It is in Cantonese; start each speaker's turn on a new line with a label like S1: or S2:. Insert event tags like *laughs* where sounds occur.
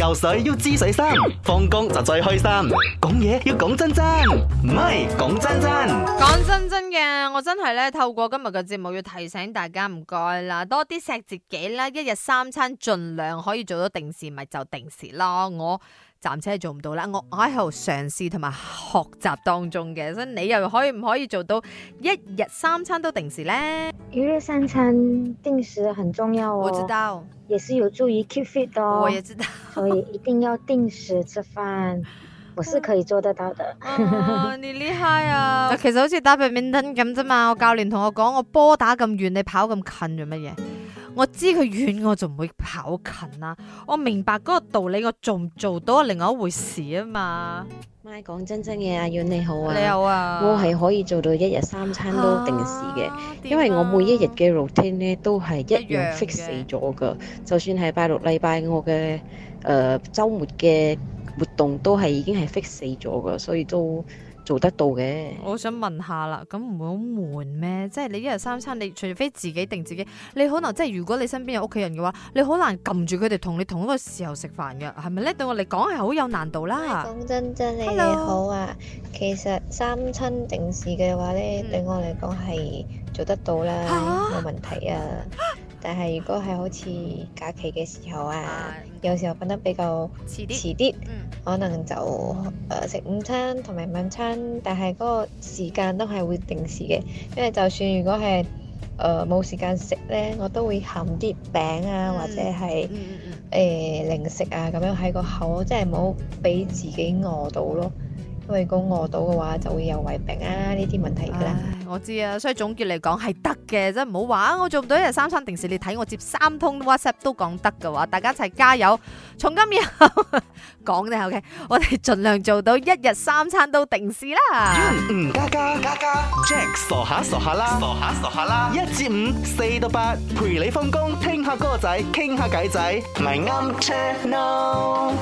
S1: 游水要知水深，放工就最開心。講嘢要講真真，唔係講真真。講真真嘅，我真係咧透過今日嘅節目，要提醒大家，唔該啦，多啲錫自己啦。一日三餐盡量可以做到定時，咪就定時咯。我。暫且係做唔到啦，我我喺度嘗試同埋學習當中嘅，所以你又可以唔可以做到一日三餐都定時咧？
S2: 一日三餐定時很重要哦，我知道，也是有助於 keep fit 哦，我也知道，所以一定要定時吃飯，我是可以做得到的。
S1: *laughs* 哦，你厲害啊！ *laughs* 其實好似打 badminton 咁啫嘛，我教練同我講，我波打咁遠，你跑咁近做乜嘢？我知佢遠我就唔會跑近啦，我明白嗰個道理，我做唔做到另外一回事啊嘛。咪講真真嘅，阿遠你好啊，你好啊，好啊，我係可以做到一日三餐都定時嘅，啊啊、因為我每一日嘅 routine 咧都係一樣 fix 死咗噶，就算係拜六禮拜我嘅誒、周末嘅，活動都係已經係 f i 死咗噶，所以都做得到嘅。我想問下啦，咁唔會好悶咩？即係你一日三餐，你除非自己定自己，你可能即係如果你身邊有屋企人嘅話，你好難撳住佢哋同你同一個時候
S2: 食飯嘅，係咪
S1: 咧？對我嚟講係好有難度啦。
S2: 講真真，Hello? 你好啊。其實三餐定時嘅話咧，嗯、對我嚟講係做得到啦，冇、啊、問題啊。啊。但係如果係好似假期嘅時候啊，啊有時候瞓得比較遲啲，遲啲，可能就誒食、呃、午餐同埋晚餐，但係嗰個時間都係會定時嘅。因為就算如果係誒冇時間食咧，我都會含啲餅啊，嗯、或者係誒、呃、零食啊，咁樣喺個口，即係冇俾自己餓到咯。因為咁餓到嘅話，就會有胃病啊呢啲問題嘅啦。
S1: 我知啊，所以總結嚟講係得嘅，真唔好話我做唔到一日三餐定時。你睇我接三通 WhatsApp 都講得嘅話，大家一齊加油，從今以後講咧，OK，我哋盡量做到一日三餐都定時啦。吳、嗯嗯、家家，家家 Jack 傻下傻下啦，傻下傻下啦，一至五
S2: 四到八，5, 8, 陪你放工，聽下歌仔，傾下偈仔，咪啱 check 車咯。